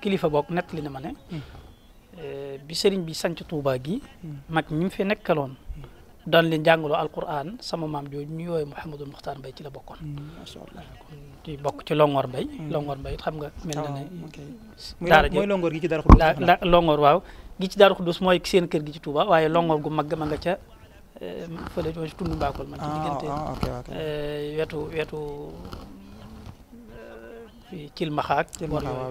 kilifa boog nettali na ma ne. Hmm. Eh, bi sëriñ bi sanc Touba gi. Hmm. mag ñi mu fi nekkaloon. Hmm. daan leen jàngaloo Alquran sama maam jooju ñu yooyu Mouhamadou Mokhtar Mbaye ci la bokkoon. macha bokk ci Longor Mbaye. Longor Mbaye xam nga. mel na ne ah, daara mooy Longor gi ci Darou Khoudoss. la Longor waaw gi ci Darou Khoudoss mooy seen kër gi ci Touba waaye Longor gu mag ma nga ca eh, fële ca tund Mbakol man. ci diggante ah, ah, eh, wetu wetu. ci Cilmaxa ak. Cilmaxa